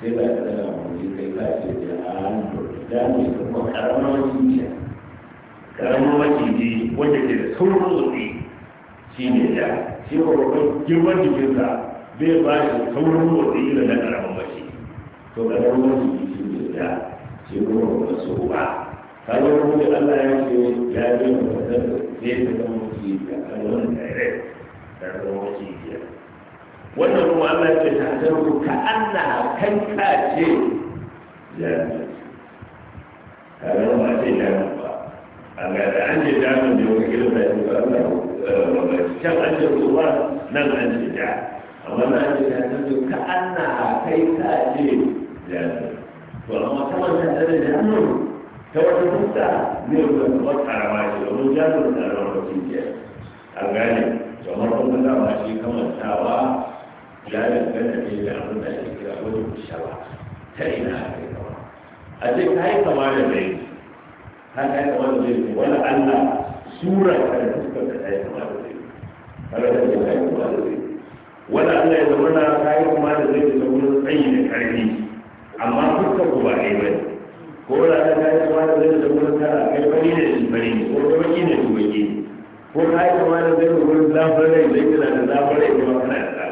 sai da ta da mawuyi kai ka ce jannur da ne kuma karamar zuciya karamar maciji wanda ke da saurin zuci shi ne ya shi ko babban girman sa, bai ba shi saurin motsi irin na karamar maciji to karamar maciji shi ne ya shi ko babban ba. kawo wani Allah ya ce ya yi wata zai ta zama muciya a wani tare da zama muciya wannan kuma Allah ya ce ta tarku ka Allah kanka ce ya ce kawo ma ce ya ba a ga da an ce da mun da wani gidan da ya ce Allah can an ce ruwa nan an ce da amma na an ce ta tarku ka Allah kai ka ce ya ce to amma kamar ta tare da hannu ta wata hutta ne ruwan wata rawa ce domin jami'ar da rawar mutum ke a gane kamar kuma dama shi kamantawa ya dangana ne da abin da ake kira wani kushawa ta ina a kai kama a ce ka yi kama da mai ka yi kama da mai wani allah sura ta da fuskar da ta yi kama da mai kada ta ce ka yi kama da mai wani allah ya zama na ka yi kama da mai da sauran tsayi da karfi amma fuskar ku ba ɗaya ba ne ko da ta ta yi kuma da zai da wurin ta kai fari ne shi fari ne ko kuma ne shi baki ko ka yi kuma da zai da wurin zafin rai zai da zafin rai kuma kana da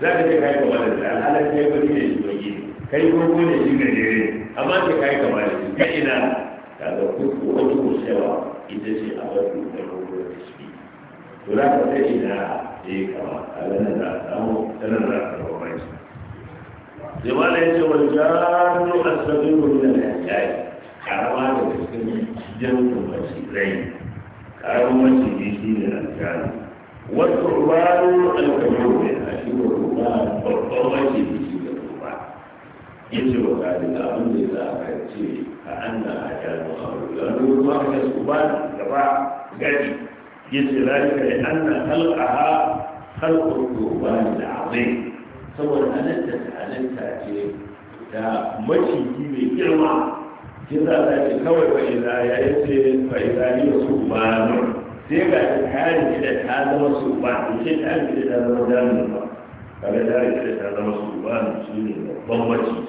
za ka ce kai kuma da zai kai fari ne shi baki kai ne shi gajere amma ce kai kuma da shi ta ina ta ga kuku wani ita ce a wani da gurgu da shi to za ka ta ina ya eh, yi kama a ganin a samu sanar da jama'a ya ce wani gano a sabbin gudunan da ya kai karama da cikin jan mace rai karamin mace ne shi ne na gano wasu rubanu alkamar ne a shi wa rubanu babban mace ne shi ne ruba ya ce wa gani da abin da ya za a ce a an na a gano a rubanu ruba ka su ba gaba gani ya ce zalika an na halƙa halƙar rubanu da azai saboda halitta halitta ce da maciji mai girma shi za ta ce kawai fa'iza ya yi ce fa'iza ne su ba nan, sai ga ta kare da ta zama su ba ta ce ta rike da ta zama jami'in ba kaga ta rike da ta zama su ba shi ne babban maciji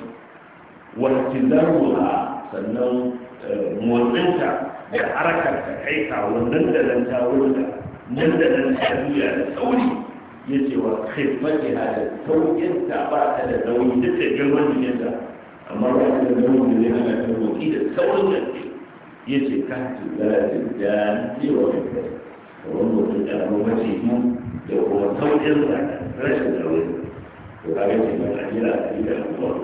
wata zarwa sannan eh, motsinta da harkar ta kai kawon nan da nan ta wurin nan da nan ta duya da sauri ya ce wa khidmati hada saukin ta ba ta da nauyi duk da girman jikinta amma ba ta da nauyi da zai hana ta roƙi da saurin gaske ya ce ka ci da cewa mai kai da wani mutum da mace mu da kuma saukin sa rashin nauyi to ka ga ce ba a jira a yi da abubuwa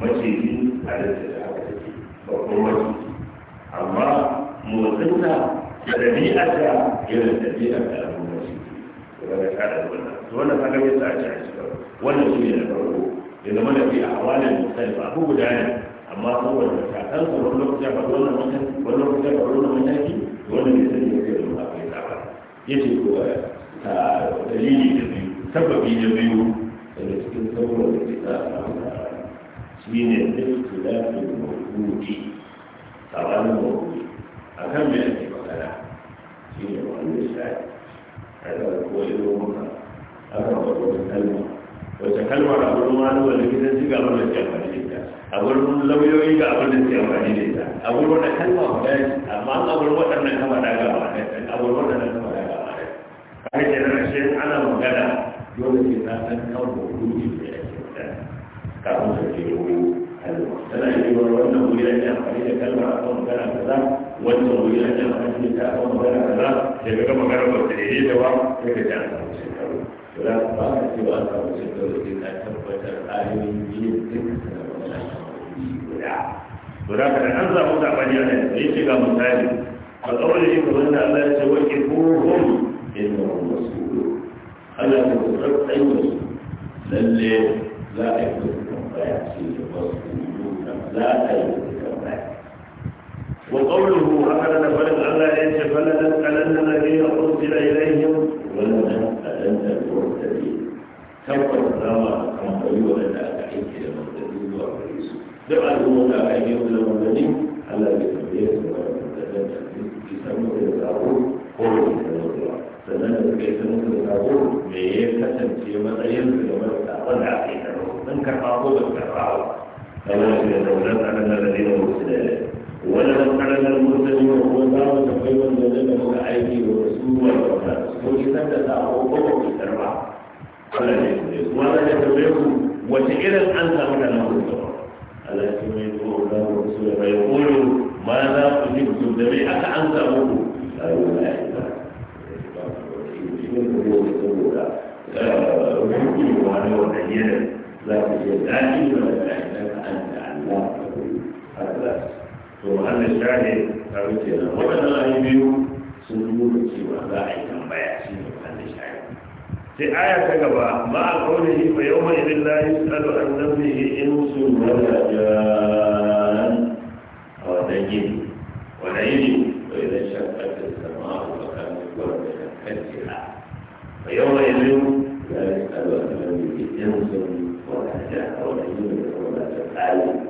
mace yi a da ta haka take babban mace amma motsinta da ɗabi'arta irin da. daga kada wannan to wannan kaga ya sa a ci wannan shi ne da farko ya zama da fi a hawalin misali ba abu guda ne amma saboda matakan su wani lokaci a faɗi wannan mutum wani lokaci a faɗi wannan mataki wannan ne sani ya ce da mutum ya saba ya ce ko ta dalili da biyu sababi da biyu daga cikin saboda da ke sa a shi ne ikhtilafin mawdu'i tsabanin mawdu'i akan me ake magana shi ne wannan shari'a kada da koyi kalma a wurin wani da gidan shiga wanda siya amfani da ita a wurin lauyoyi ga abin da siya amfani da ita a wurin wata kalma guda ce amma a wurin waɗannan kama da ga a wurin waɗannan kama da ga a kai ke nan shi ana magana dole ke ta san kan hukunci da ya ke magana kafin ka ke ruwa kalma tana yi wannan wuri da ke amfani da kalma a kan magana kaza wannan wuri an ake ta a magana kaza sai ka ga magana ba ta daidai da ba sai ka ji an samu shekaru da ba ka ce ba samu shekaru sai ka tabbatar ayoyin biyu duk suna magana a guda to da an samu sabani a nan sai ce ga misali a tsawon shi kamar da Allah ya ce wa ke kohon inda wani wasu Allah ya ce tsaye wasu lalle za a yi wasu tambaya ce da wasu za a yi وقوله هكذا فلن على يأتي فلن نسألن الذين أرسل إليهم ولا أنت المرتدين كفر الله كما يقول أن أحب يا مرتدين والرئيس دعا الموت أحب إلى المرسلين على يتبعيز المرسلين في سمو الزعور هو المرسلين sannan فلن kai sun الزعور sabo me في مدين في su da عقيدة من ake karɓa sun karɓa ko ba ولو كان المرسلين والله تقريبا لدينا متعيدي ورسول وبركاته وإذا تساقوا قوة السرعة ولا يتبعهم وسئلا أنت من المرسل ألا يسمعكم الله ورسوله فيقولوا ماذا أجبتم جميعا أنت أبوه قالوا يمكن وانا وتعيينا لا تجد داعي ولا داعي لك انت عن الله هذا to Allah shahe ta wuce nan waɗannan ayi biyu sun nuna cewa za a yi tambaya shi ne Allah shahe sai aya ta gaba ma a kaune yi fa yau mai bin layi su ɗaga an zambe yi in su wanda jan a wannan yini wannan yini to idan shakkar da sama a bakar da gwamnati da kan jira fa yau mai bin layi su ɗaga an zambe yi in su wanda jan a wannan yini da wanda ta ƙari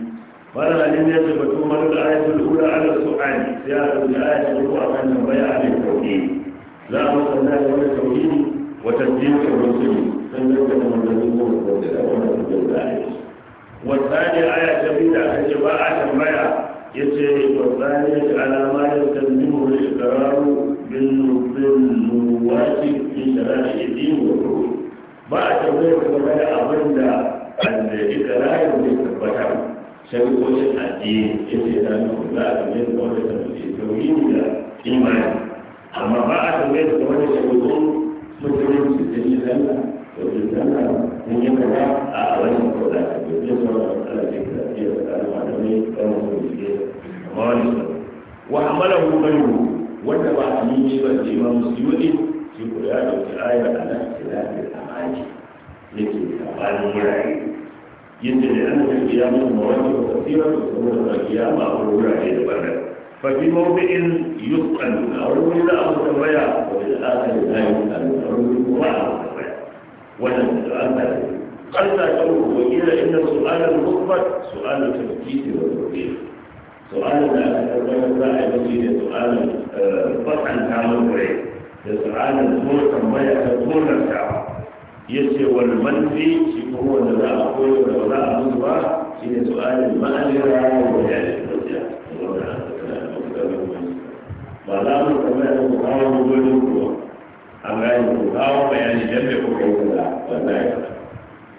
قال لم يجب ثم الآية الأولى على السؤال زيادة الآية الأولى عن البيع للتوحيد لا مصنع ولا التوحيد وتصديق الرسل سنجد من الذين يقولون والثاني آية جديدة أن جماعة البيع يجري والثاني على ما يستلزمه الإقرار بالنبوات في شرائع الدين والروح بعد ذلك ولا أبدا الإقرار بالتبتر shari'o'in addini ya ce ta nufin za a wanda su kawai da tafiye tauhidi da imani amma ba a kawai da shari'o'in musulunci da yi sallah da yi sallah mun yi kaza a wannan kawai da aka yi ya sauran matsala ce da ke da tsarin malamai da masu bincike amma wani su wa amala wanda ba a yi shi ba ce ma musulunci shi ya ɗauki ayar a nan ke ta ba yake da tsarin يجب لأن القيامة مواجهة كثيرة تكون القيامة أولى إلى بدر ففي موضع يسأل أو إلى أو الرياء وفي الآخر لا يسأل أو إلى أو سوايا ولم تؤمن قال قوله وإلى إن السؤال المثبت سؤال التفكيك والتوفيق سؤال لا تتكلم لا يجي سؤال فتحا تعمل عليه سؤال الزور كما يكون الدعوة يسوى المنفي هو النزاع أقول والنزاع أقول هي سؤال المأجرة وجهة الحجة ba za mu kama ku kawo gudun kuwa yi ku kawo bayani kuka yi kula ba za yi kula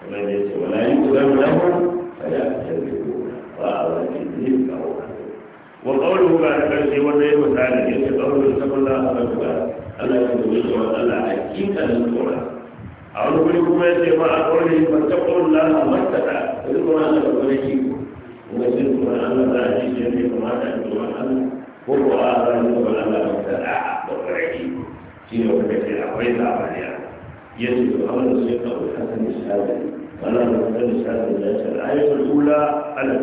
kuma ce wala yi kula mu ya ba a wani ne kawo wa kawo ba da karshe wanda ya misali kawo da sabon Allah ya ce wani Allah a a wani guri kuma ya ce ma a kwarne ba ta kwarna a martaka da duk wani allah ba ne ki kuma sai kuma a ci kuma ko ko a ta da ba kwarne shi ne a ya ce da sai kawai da da ya ce ta tula ala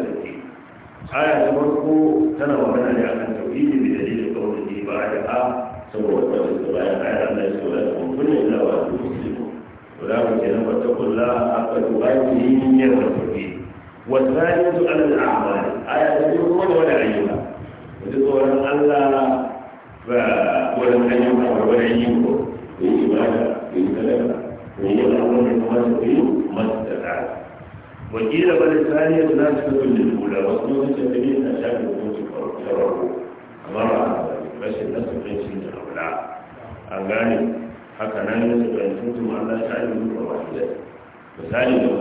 aya ta farko tana magana ne tauhidi dalilin kawai ba a da a saboda wannan da bayan ayar ya ce ولكن كلام واتقوا الله حق تقاته يوم الدين والثالث على الاعمال آية تقول ولا عيوبها وتقول الله ولم يجمع ولا يجمع في إبادة في سلامة ويجب الأمر المواسطين ما استطاع وقيل بل الثانية مناسبة للأولى وصنوة التدريب أشاك الوصف شرعه أمر على ذلك بس الناس غير سنة الأولى أن haka nan ne da kuntum Allah ta yi mu ba wasiya misali ne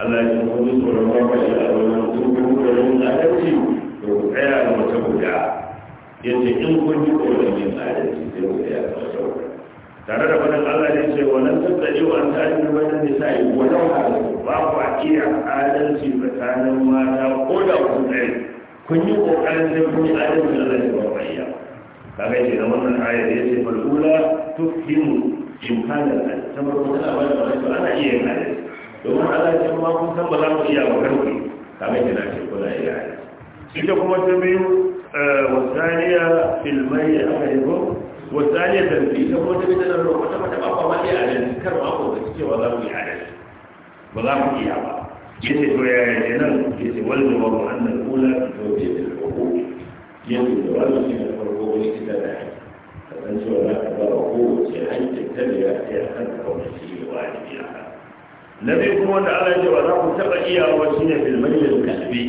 Allah ya kuma ji tsoron ba ya wannan kuntum da yin adalci to ku tsaya da wata guda yace in kun ji tsoron yin adalci sai ku tsaya da wata guda tare da fadin Allah ya ce wannan tattali wa ta yi mu bayan ne sai ku da ba ku iya adalci tsakanin mata ko da ku tsaye kun yi kokarin sai kun yi adalci Allah ya ba ku kaga ke da wannan ayar da yake fal'ula tufhimu imkanan ta farko tana ba da wani ana iya yin ayar domin Allah ya ma kun san ba za mu iya ba kai kaga na ce kuna iya ayar ita kuma ta biyu eh, wasaniya filmai a kai ko wasaniya da ita kuma ta biyu tana roƙo ta mata ba ma iya ayar kar ma ko ta cewa za mu iya ayar ba za mu iya ba yace to yaya kenan yace wal jawabu annal ula tawfiq al yanzu da wannan shi da farko wani kita da haƙƙi kasan cewa za ka ba wa kowace haƙƙin ta da ya ce a kan kawai shi da wajibi a kan na biyu kuma wanda ala ana cewa za ku taɓa iyawa shi ne filmaliyar kalbi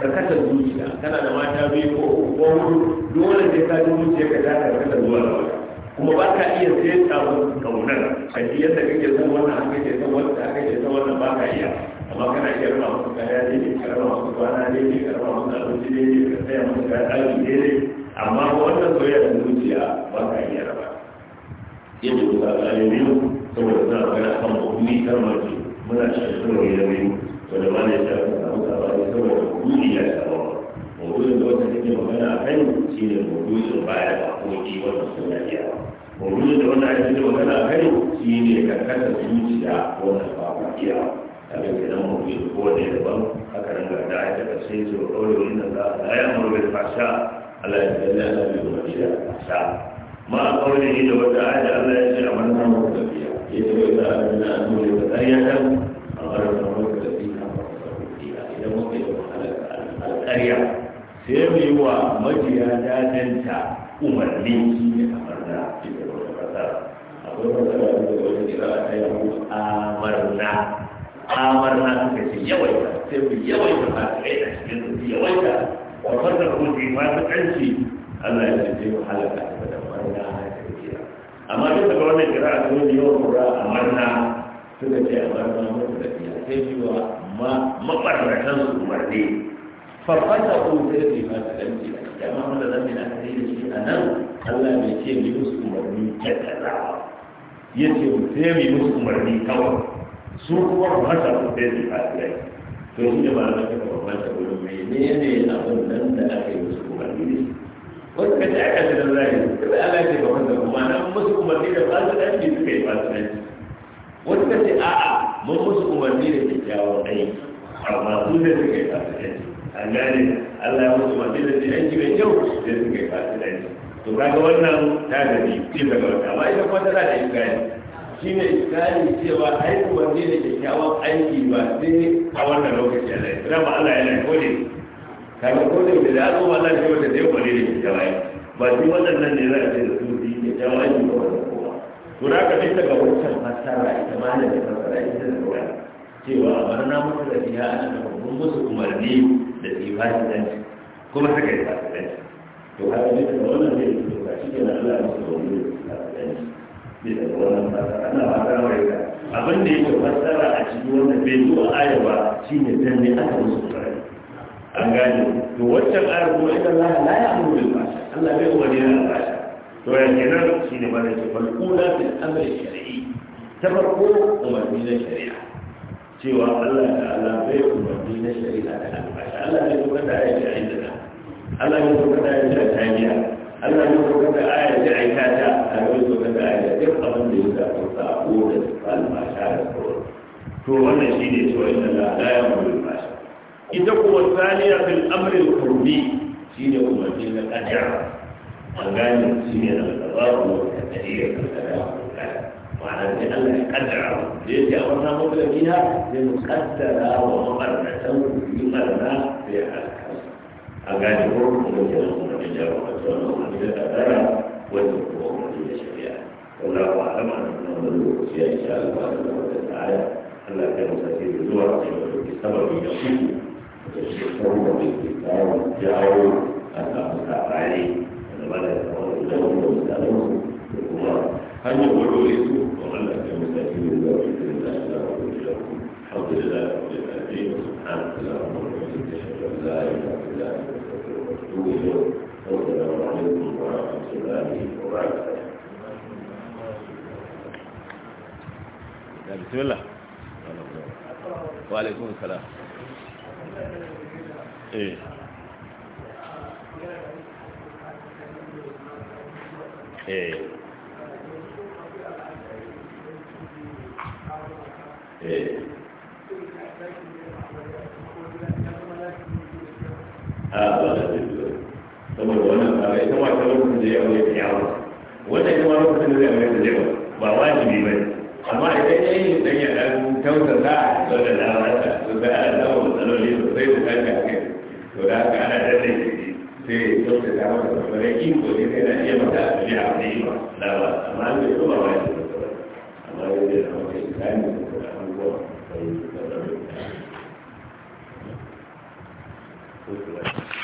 ka kasa zuciya kana da mata biyu ko uku ko hudu dole sai ka ji zuciya ka ta karkata zuwa da wata kuma ba ka iya sai samun kaunar ka ji yadda kake son wannan haka ke son ke son wannan ba ka iya amma kana iya rama musu kaya daidai ka rama musu kwana daidai ka rama musu abinci daidai ka tsaya musu kaya ɗaki daidai amma wannan soyayyar zuciya ba ka iya raba yadda ku zaɓa saboda suna magana kan mu'mini kan mace muna cikin sura ne da to da wani ya shafi samu sabani saboda kuɗi ya shafa ba da wata take magana a kan shi ne maudu'in baya da haƙoƙi wannan suna iya maudu'in da wanda ake magana a kan shi ne karkatar zuciya wannan ba iya kaga idan mu bi ko ne daban haka nan ga da ya ta sai zo dole wannan da Allah ya mu bil fasha Allah ya dalla Allah bi washa fasha ma kawai ne da wata ayat Allah ya ce a manna mu da biya yace wa da Allah mu da ayatan amara mu da biya idan mu bi alƙarya sai mu yi wa majiya dadanta umarni shi ne kamar da ke da wata fasara akwai wata da wata kira a ta yi amarna amar na suka ce yawaita sai ku yawaita ba ta kai a cikin su yawaita a farkar kuɗi ma ta ƙanci Allah ya ce ku halaka ta da marna ta kira amma duk da wannan kira a cikin yawan kura a na, suka ce a marna mutu da biya sai biwa maɓarnatan su umarni farfata ku sai su yi ma ta ƙanci a cikin amma da zan na kai da shi a nan Allah bai ce yi musu umarni ta kaza ya ce sai mu yi musu umarni kawai su kuma ba sa su kai su kafirai to shi ne ba na kaka babban ta wurin mai ne ne abin nan da aka yi musu umarni ne wani kaji aka ce da zai kuma ala ce ba wanda kuma na musu umarni da fasikanci suka yi fasikanci wani ce a'a mun musu umarni da amma su ne suka yi fasikanci an gane Allah ya musu umarni da aiki mai kyau da suka yi fasikanci to kaga wannan ta gaji ce daga wata amma ita kuma da gani shine ne cewa aiki ne da kyakkyawan aiki ba sai a wannan lokaci a ya ba Allah ya laifo ne kamar kodin da ya zo wannan shi wata zai wanne da kyakkyawa aiki ba shi waɗannan ne zai a ce da su yi kyakkyawa aiki ba wani kowa to da aka bisa ga wancan fassara ita ma da fassara ita da kowa cewa a barna mutu da fiya a cikin babban musu umarni da tsifashi dan kuma suka yi fasikanci to haka ne da wannan zai fito ga shi ke na Allah ya musu da wani ne bisa ga wannan fasara ana fasara mai ga abin da yake fasara a cikin wannan bai zo ayawa shine dan ne aka musu farai an gane to waccan ayar kuma ita la la ya a bil fasha Allah bai umarni da fasha to ya kenan shine ba da ke falkuna fil amri shari'i. ta farko umarni na shari'a cewa Allah ta'ala bai umarni na shari'a da alfasha Allah bai kuma da ayar da Allah bai kuma da ayar da Allah ya so kada aya ta aika ta Allah ya so kada aya duk abin da ya shafi sako da almasha da sauran to wannan shine cewa inna la la ya'muru bil fahsha ita kuwa saniya fil amri al qurbi shine umarni na kada an gane shi ne da tsaro da tarihi da kada ma'ana sai Allah ya kaddara da yake a wannan mutlaki na zai mu kaddara wa mabarnatan yi marna da ya halaka a gane ko kuma kenan الشر والسلام والجزاء أثرا والذكر ومن الشريعة والله أعلم أنه مدعو إن شاء الله سبحانه وتعالى ألا كان مسافر زورا بسبب يقين تشكرون بالكتاب جاءوا أن أصحاب عليه ولا يتعود لهم ومسألهم هل يقولوا لكم وعلى كان مسافر زورا بإذن الله لا أقول لكم الحمد لله رب العالمين وسبحانك اللهم وبحمدك أشهد أن لا إله إلا أنت أستغفرك وأتوب إليك da wa alaikum salam a ba da ba da da da da ba ba amma idan ya yi dan ya dan kyauta za a zo da lamarsa to da ana samun matsaloli sosai bukata kai to da haka ana danne sai ya kyauta ta masa kamar iko ne sai na iya mata a biya a yi ba lawa amma an bai ba ya amma ya zai zama kai kani da abubuwa sai ya zama kai